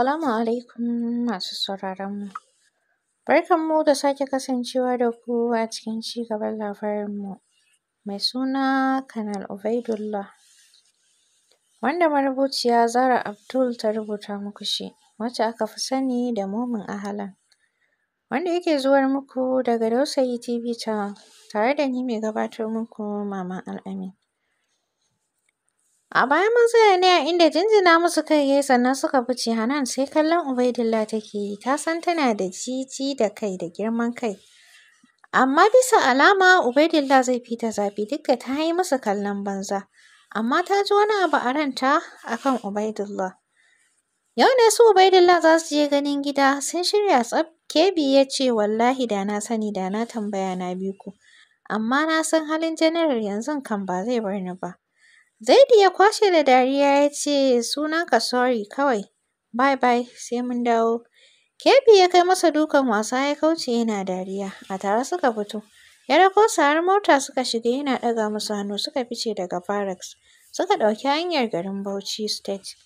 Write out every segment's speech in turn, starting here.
Assalamu alaikum masu sauraron mu. Barkan mu da sake kasancewa da ku a cikin ci gaban labarin mu mai suna Kanal Ubaidullah. Wanda marubuciya Zara Abdul ta rubuta muku shi, wacce aka fi sani da Momin Ahalan. Wanda yake zuwar muku daga Dausayi TV Channel tare da ni mai gabatar muku al Al'amin. A baya mun tsaya ne a inda jinjina musu kai yayi sannan suka fice Hanan sai kallon Ubaidillah take yi ta san tana da jiji da kai da girman kai. Amma bisa alama Ubaidillah zai fita zafi duk da ta yi musu kallon banza. Amma ta ji wani abu a ranta akan Ubaidillah. Yau ne su Ubaidillah za su je ganin gida sun shirya tsaf Kebi ya ce wallahi da na sani da na tambaya na bi ku. Amma na san halin janarar yanzu kan ba zai bar ni ba. Zaidu ya kwashe da dariya ya ce, Sunanka sorry kawai, bye bye, sai mun dawo. Kebi ya kai masa dukan wasa ya kauce yana dariya, a tare suka fito. Ya rako su har mota suka shiga yana ɗaga musu hannu suka fice daga barracks. Suka ɗauki hanyar garin Bauchi State.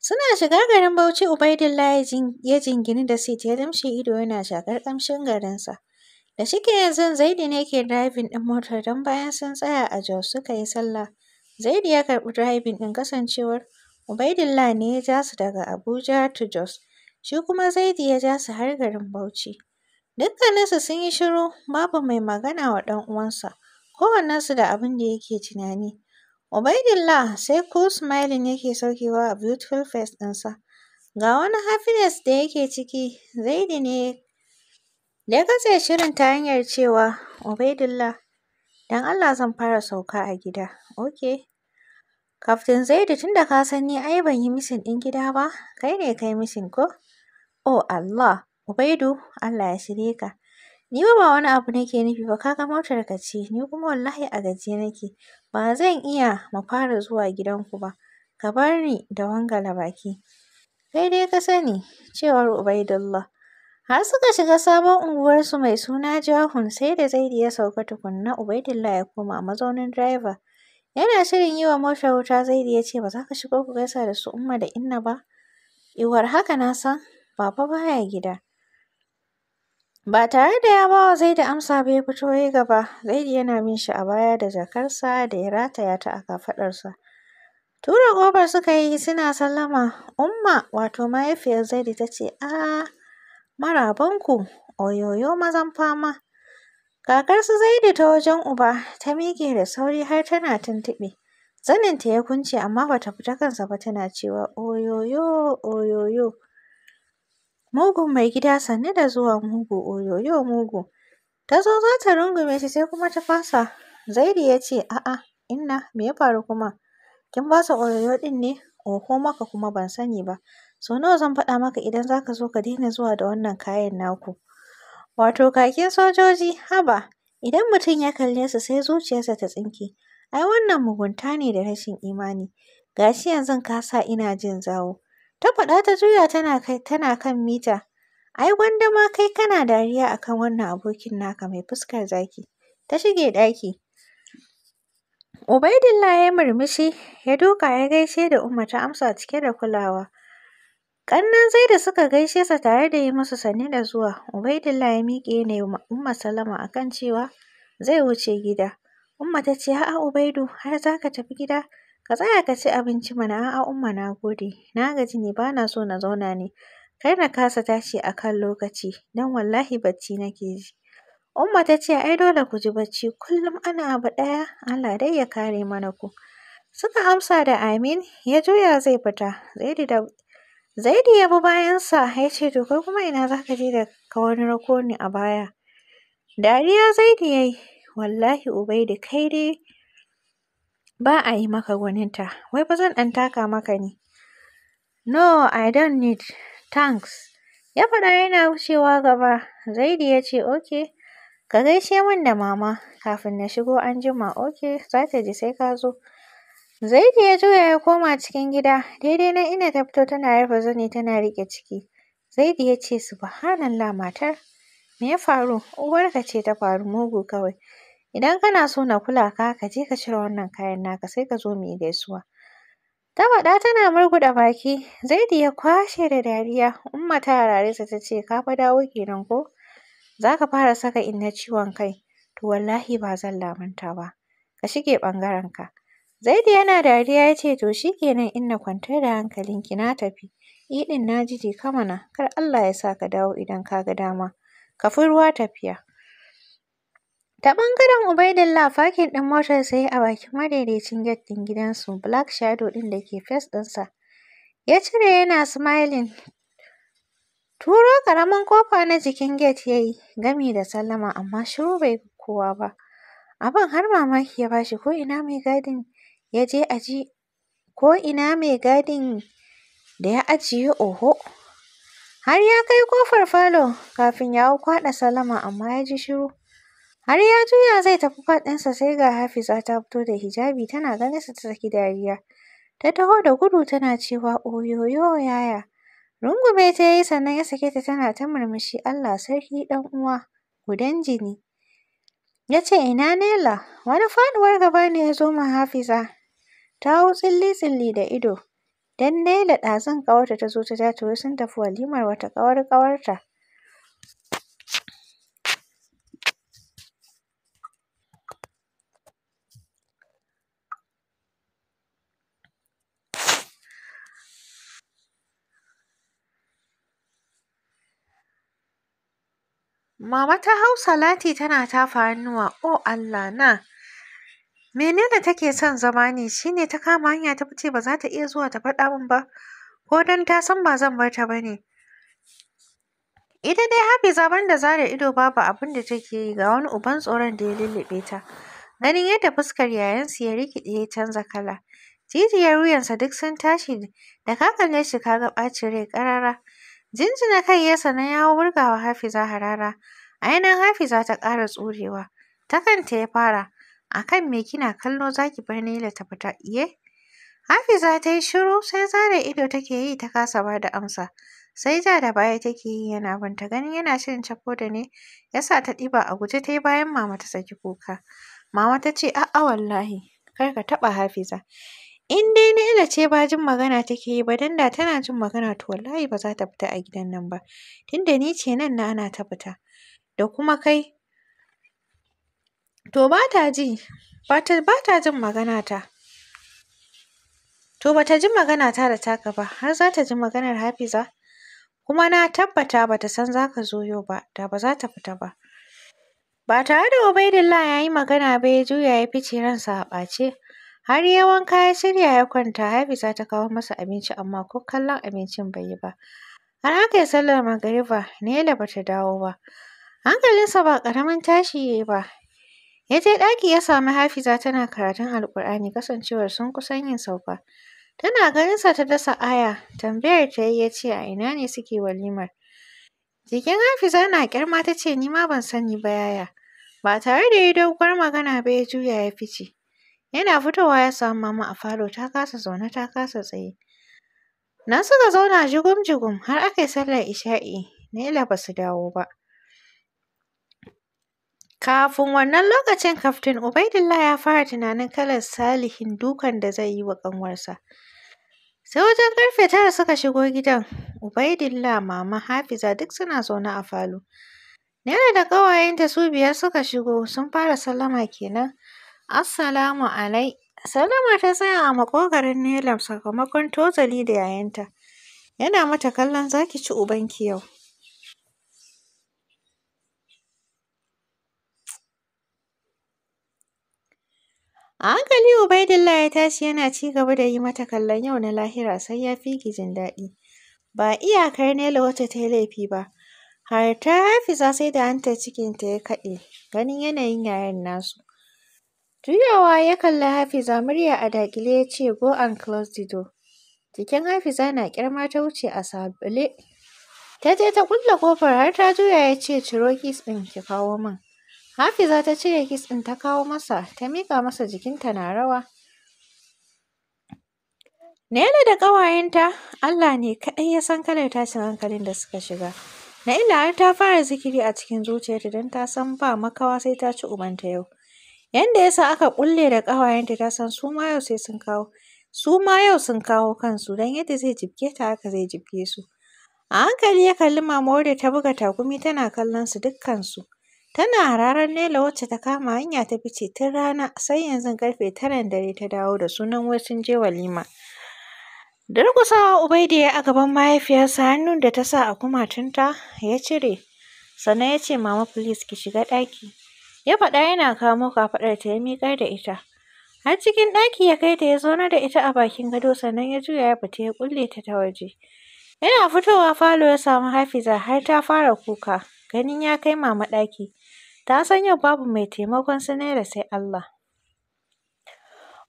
Suna shiga garin Bauchi Ubaidillah ya jingini da seat ya damshi ido yana shakar ƙamshin garinsa. Da shike yanzu Zaidi ne ke driving ɗin motar don bayan sun tsaya a Jos suka yi sallah. Zaidi ya karɓi driving ɗin kasancewar Ubaidillah ne ya ja su daga Abuja to Jos. Shi kuma Zaidi ya ja su har garin Bauchi. Dukkaninsu sun yi shiru babu mai magana wa ɗan uwansa. su da abin da yake tunani. Ubaidillah sai cool smiling yake saukewa a beautiful face ɗinsa. Ga wani happiness da yake ciki, Zaidi ne Da ya katse shirin ta hanyar cewa, Ubaidillah, don Allah zan fara sauka a gida. Ok. Kaftin Zaidu tunda ka san ni ai ban yi misin ɗin gida ba, kai ne kai misin ko? Oh Allah, Ubaidu, Allah ya shirye ka. Ni ba ba wani abu nake nufi ba, ka ga motar ka ce, ni kuma wallahi a gajiye nake. Ba zan iya mu fara zuwa gidanku ba, ka bar ni da wangala baki. Kai dai ka sani cewar Ubaidillah. Har suka shiga sabon unguwarsu mai suna Jahun sai da Zaidi ya sauka tukunna Ubaidillah ya koma mazaunin direba. Yana shirin yi wa mota wuta Zaidi ya ce ba za ka shigo ku gaisa da su Umma da Inna ba. Iwar haka na san Baba baya gida. Ba tare da ya ba wa Zaidi amsa ba ya fito ya gaba. Zaidi yana bin shi a baya da jakarsa da ya rataya ta a kafaɗarsa. Tura ƙofar suka yi suna sallama. Umma wato mahaifiyar Zaidi ta ce, a'a. Ah, Marabanku, oyoyo mazan fama. Kakar su Zaidi ta wajen uba ta miƙe da sauri har tana tuntuɓe. Zaninta ya kunce amma bata fita kansa ba tana cewa oyoyo oyoyo. Mugun mai gida sannu da zuwa mugu oyoyo mugu. Ta zo za ta rungume shi sai kuma ta fasa. Zaidi ya ce a'a inna me ya faru kuma? Kin basa oyoyo ɗin ne? Oho maka kuma ban sani ba. Sau nawa zan faɗa maka idan za ka zo ka daina zuwa da wannan kayan naku? Wato kakin sojoji, haba! Idan mutum ya kalle su sai zuciyarsa ta tsinke. Ai wannan mugunta ne da rashin imani. Ga shi yanzu ka sa ina jin zawo. Ta faɗa ta juya tana kai tana kan mita. Ai gwanda ma kai kana dariya akan wannan abokin naka mai fuskar zaki. Ta shige ɗaki. Ubaidillah ya murmushi, ya duka ya gaishe da Umma ta amsa cike da kulawa. Ƙannen da suka gaishe sa tare da yi musu sanye da zuwa. Ubaidillah ya miƙe ne wa Umma sallama a cewa zai wuce gida. Umma ta ce, a'a Ubaidu, har za ka tafi gida? Ka tsaya ka ci abinci mana, a'a Umma na gode. Na gaji ne, bana na so na zauna ne. Kar na kasa tashi a kan lokaci, don wallahi bacci nake ji. Umma ta ce, ai dole ku ji bacci, kullum ana abu ɗaya, Allah dai ya kare mana ku. Suka amsa da amin, ya juya zai fita. Zaidi da Zaidu ya bi bayansa ya ce to kai kuma ina za ka je da ka wani rako ni a baya. Dariya Zaidu ya yi wallahi ubaidi, kai dai ba a yi maka gwaninta wai ba zan ɗan taka maka ne. No I don't need thanks. Ya faɗa yana wucewa gaba Zaidu ya ce okay ka gaishe min da mama kafin na shigo anjima okay za ta ji sai ka zo. Zaidu ya juya ya koma cikin gida, daidai nan ina ta fito tana rufe zani tana riƙe ciki. Zaidu ya ce subhanallah matar, me ya faru? Uwarka ce ta faru mugu kawai. Idan kana so na kula ka, ka je ka cire wannan kayan naka sai ka zo mu yi gaisuwa. Ta faɗa tana murguɗa baki, Zaidu ya kwashe da dariya, Umma ta yarare ta ta ce ka fa dawo kenan ko? Za ka fara saka Inna ciwon kai, to wallahi ba zan lamunta ba, ka shige ɓangarenka. Zaidu yana dariya ya ce to shi kenan in na kwantar da hankalin ki na tafi. I ɗin na ji jika mana kar Allah ya sa ka dawo idan ka ga dama. Ka fi ruwa tafiya. Ta ɓangaren Ubaidillah fakin ɗin motar sai a bakin madaidaicin gate ɗin gidansu Black Shadow ɗin da ke fes ɗinsa. Ya cire yana smiling. Turo ƙaramin kofa na jikin gate ya yi gami da sallama amma shiru bai kowa ba. Abin har mamaki ya bashi ko ina mai gadin ya je a ji ko ina mai gadin da ya ajiye oho. Har ya kai kofar falo kafin ya hau kwaɗa salama amma ya ji shiru. Har ya juya zai tafi faɗinsa sai ga Hafiza ta fito da hijabi tana ganinsa ta saki dariya. Ta taho da gudu tana cewa oyoyo yaya. Rungume ta yi sannan ya sake ta tana ta murmushi Allah sarki ɗan uwa gudan jini. Ya ce ina Nela wani faɗuwar gaba ne ya zo ma Hafiza Ta hau tsilli-tsilli da ido. Dan Naila ɗazun ƙawarta ta zo ta ja ta sun tafi walimar wata ƙawar ƙawarta. Mama ta hau salati tana tafa hannuwa, “O oh Allah na!” menene take son zama ne shine ta kama hanya ta fice ba za ta iya zuwa ta faɗa min ba ko don ta san ba zan bar ta ba ne ita dai hafiza da zare ido babu abin da take yi ga wani uban tsoron da ya lullube ta ganin yadda fuskar yayansu ya rikide ya canza kala jijiyar wuyansa duk sun tashi da ka shi ka ga ɓacin rai ƙarara jinjina kai ya sannan ya wurgawa za harara A ainihin za ta ƙara tsurewa ta kanta ya fara akan me kina kallo zaki bar Naila ta fita iye Hafiza ta yi shiru sai zare ido take yi ta kasa ba da amsa sai ja da baya take yi yana ta gani yana shirin cako da ne yasa ta ɗiba a guje ta yi bayan mama ta saki kuka mama ta ce a'a wallahi kar ka taɓa Hafiza in dai Naila ce ba jin magana take yi ba dan da tana jin magana to wallahi ba za ta fita a gidan nan ba tunda ni ce nan na ana ta fita da kuma kai to ba ta ji ba ta jin maganata to ba ta ji maganata da taka ba har za ta ji maganar hafiza kuma na tabbata ba ta san za ka zo yau ba da ba za ta fita ba ba tare da ubaidillah ya yi magana ba ya juya ya fice ransa a ɓace har ya wanka ya shirya ya kwanta hafiza ta kawo masa abinci amma ko kallon abincin bai yi ba har aka yi sallar magariba nela ba ta dawo ba hankalinsa ba ƙaramin tashi ya yi ba Ya je ɗaki ya sami Hafiza tana karatun Alƙur'ani kasancewar sun kusan yin sauka. Tana ganinsa ta dasa aya, tambayar ta yi ya ce a ina ne suke walimar. Jikin Hafiza na ƙyarma ta ce ni ma ban sani ba yaya. Ba tare da ya doguwar magana ba ya juya ya fice. Yana fitowa ya samu mama a falo ta kasa zaune ta kasa tsaye. Nan suka zauna jigum-jigum har aka yi sallar isha'i, Naila ba su dawo ba. Kafin wannan lokacin Kaftin Ubaidillah ya fara tunanin kalar salihin dukan da zai yi wa ƙanwarsa. Sai wajen ƙarfe tara suka shigo gidan, Ubaidillah, Mama, Hafiza duk suna zaune a falo. Naira da ƙawayenta su biyar suka shigo sun fara sallama kenan. Assalamu alai. Salama ta tsaya a maƙogarin Nelam sakamakon tozali da yayanta. Yana mata kallon za ki ci ubanki yau. A hankali Ubaidillah ya tashi yana ci gaba da yi mata kallon yau na lahira sai ya fi gijin daɗi. Ba iyakar Nela wata ta yi laifi ba, har ta Hafiza sai da hantar ta ya kaɗe ganin yanayin yayan nasu. Juyawa ya kalli Hafiza murya a Dakile, ya ce go and close the door. Jikin Hafiza na ƙyarma ta wuce a sabule. Ta je ta ƙulle kofar, har ta juya ya ce ciro kis ɗin ki kawo min. Hafiza ta cire kis ɗin ta kawo masa, ta miƙa masa jikinta na rawa. Naila da ƙawayenta Allah ne kaɗai ya san kalar tashin hankalin da suka shiga. Naila har ta fara zikiri a cikin zuciyarta don ta san ba makawa sai ta ci ubanta yau. Yanda ya sa aka ƙulle da ƙawayenta ta san su ma yau sai sun kawo. Su ma yau sun kawo kansu don yadda zai jibge ta haka zai jibge su. A hankali ya kalli mama da ta buga takumi tana kallon su dukkansu. Tana hararar Laila wacce ta kama hanya ta fice tun rana sai yanzu ƙarfe taran dare ta dawo da sunan wai sun je walima. Durƙusawa Ubaida ya a gaban mahaifiyarsa hannun da ta sa a kumatunta ya cire. Sannan ya ce, Mama please ki shiga ɗaki. Ya faɗa yana kamo kafaɗarta ya miƙar da ita. Har cikin ɗaki ya kai ta ya zaunar da ita a bakin gado sannan ya juya ya fita ya ƙulle ta ta waje. Yana fitowa falo ya samu Hafiza har ta fara kuka, ganin ya kai mama ɗaki. ta san yau babu mai taimakon su da sai Allah.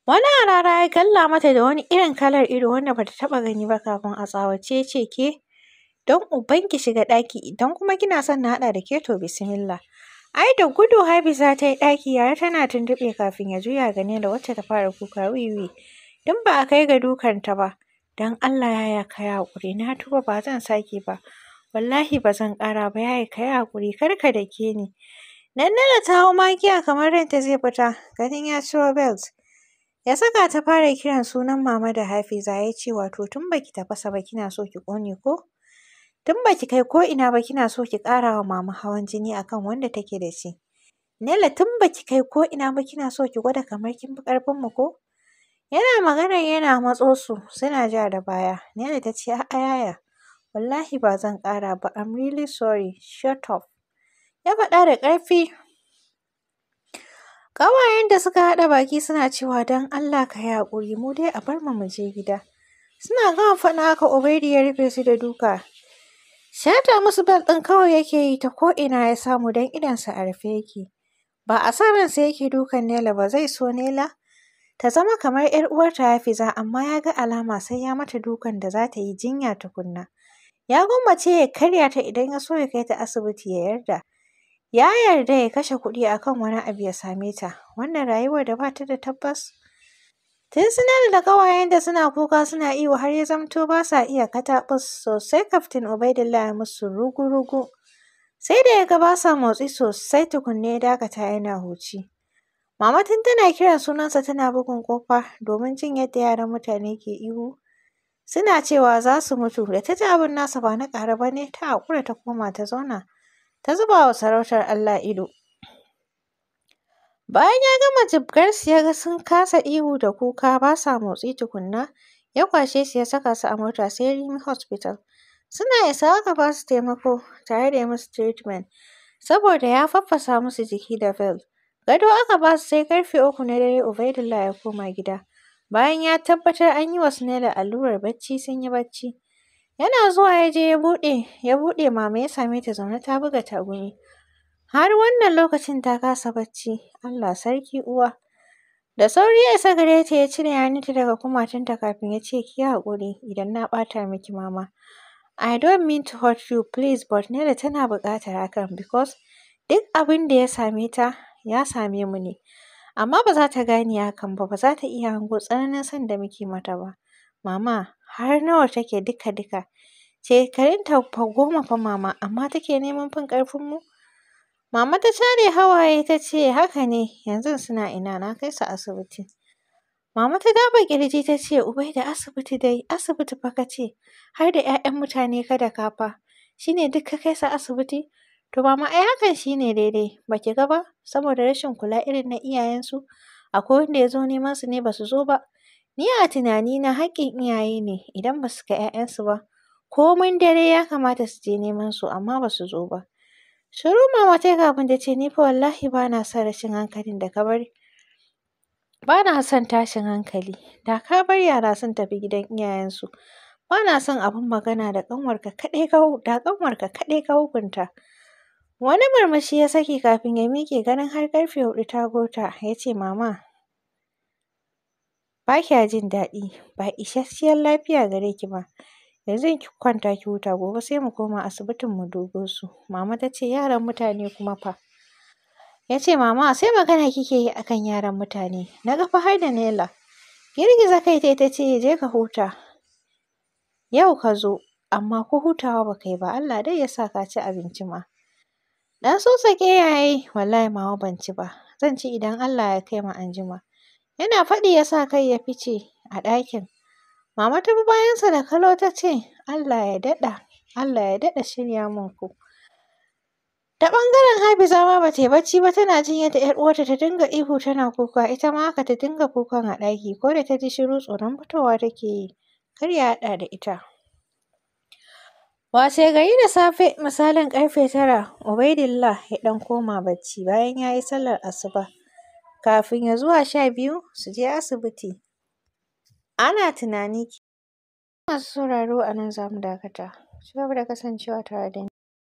Wani harara ya galla mata da wani irin kalar ido wanda bata taɓa gani ba kafin a tsawace ce ke don uban ki shiga ɗaki idan kuma kina son na haɗa da ke to Ai da gudu Hafiza ta yi ɗaki yaya tana tuntuɓe kafin ya juya gane da wacce ta fara kuka wiwi don ba a kai ga dukanta ba. Don Allah yaya ka yi haƙuri na tuba ba zan sake ba wallahi ba zan ƙara ba yaya ka yi haƙuri kar ka dake ni. Nannala ta hau makiya kamar ranta zai fita, ganin ya ciro belt. Ya saka ta fara kiran sunan mama da Hafiza ya ce wato tun baki tafasa ba kina so ki ƙone ko? Tun baki kai ko ina ba kina so ki ƙara wa mama hawan jini akan wanda take da shi. Nella tun baki kai ko ina ba kina so ki gwada kamar kin fi mu ko? Yana maganar yana matso su suna ja da baya. Nella ta ce a'a yaya wallahi ba zan ƙara ba I'm really sorry shut up. ya faɗa da ƙarfi. Ƙawayen da suka haɗa baki suna cewa don Allah ka yi haƙuri mu dai a bar mu mu je gida. Suna gama faɗa haka Ubaidu ya rufe su da duka. Shata musu bal ɗin kawai yake yi ta ko'ina ya samu don idonsa a rufe yake. Ba a sa ransa yake dukan Nela ba zai so Nela ta zama kamar ‘yar uwarta Hafiza amma ya ga alama sai ya mata dukan da za ta yi jinya tukunna. Ya gwammace ya karya ta idan ya so ya kai ta asibiti ya yarda. Ya yarda ya kashe kuɗi a kan wani abu ya same ta, wannan rayuwar da ba ta da tabbas. Tun suna da ƙawayen da suna kuka suna ihu har ya zamto ba sa iya kataɓus sosai kaftin Ubaidillah ya musu rugu-rugu. Sai da ya ga ba sa motsi sosai tukunna ya dakata yana huci. Mama tun tana kiran sunansa tana bugun ƙofa domin jin yadda yaran mutane ke ihu. Suna cewa za su mutu da ta ji abin nasa ba na ƙara ba ne ta haƙura ta koma ta zauna. ta zuba wa sarautar Allah ido. Bayan ya gama jibgarsu ya ga sun kasa ihu da kuka ba sa motsi tukunna, ya kwashe su ya saka su a mota sai Rimi Hospital. Suna isa aka ba su taimako tare da musu treatment saboda ya faffasa musu jiki da fel. Gado aka ba su sai karfe uku na dare Ubaidillah ya koma gida. Bayan ya tabbatar an yi wa da allurar bacci sun yi bacci. Yana zuwa ya je ya buɗe, ya buɗe mama ya same ta zaune ta buga tagumi. Har wannan lokacin ta kasa bacci, Allah sarki uwa. Da sauri ya isa gare ta ya cire hannunta daga kumatunta kafin ya ce ki haƙuri idan na ɓata miki mama. I don't mean to hurt you please but Nela tana buƙatar hakan because duk abin da ya same ta ya same mu ne. Amma ba za ta gane hakan ba, ba za ta iya hango tsananin son da muke mata ba. Mama har nawa take duka-duka? Shekarunta fa goma fa mama amma take neman fin ƙarfinmu? Mama ta share hawaye ta ce haka ne yanzu suna ina na kai su asibiti. Mama ta dafa ƙirji ta ce ubai da asibiti dai asibiti fa ka ce har da 'ya'yan mutane kada ka fa shi ne duk ka kai su asibiti? To mama ai hakan shine daidai ba ki ga ba saboda rashin kula irin na iyayensu akwai wanda ya zo neman su ne ba su zo ba Ni a tunani na haƙƙin iyaye ne idan ba su ga 'ya'yansu ba komin dare ya kamata su je neman su amma ba su zo ba. Shiru mama ta yi kafin ta ce ni fa wallahi ba na son rashin hankalin da ka bari. Ba na son tashin hankali. Da ka bar yara sun tafi gidan iyayensu. Ba na son abin magana da ƙanwarka kaɗai ka da ƙanwarka kaɗai ka hukunta. Wani murmushi ya saki kafin ya miƙe ganin har ƙarfe huɗu ta gota ya ce mama ba kya jin daɗi, ba isasshiyar lafiya gare ki ba. Yanzu ki kwanta ki huta gobe sai mu koma asibitin mu dubo su. Mama ta ce yaran mutane kuma fa. Ya ce mama sai magana kike yi akan yaran mutane. Na ga fa har da Naila. Girgiza kai tai ta ce je ka huta. Yau ka zo amma ko hutawa ba kai ba Allah dai ya sa ka ci abinci ma. Dan so sake yayi wallahi mama ban ci ba. Zan ci idan Allah ya kai mu anjima. Yana faɗi ya sa kai ya fice a ɗakin. Mama ta bi bayansa da kallo ta ce, Allah ya daɗa, Allah ya daɗa shirya min ku. Ta ɓangaren Hafiza ma ba ta yi bacci ba tana jin yadda ‘yar uwarta ta dinga ihu tana kuka, ita ma haka ta dinga kukan a ɗaki, ko da ta ji shiru tsoron fitowa take yi, kar ya haɗa da ita. Wace gari da safe misalin ƙarfe tara, Ubaidillah ya ɗan koma bacci bayan ya yi sallar asuba. kafin ya zuwa sha biyu su je asibiti. Ana tunani Masu sauraro a nan za mu dakata. Ku da kasancewa tare da ni.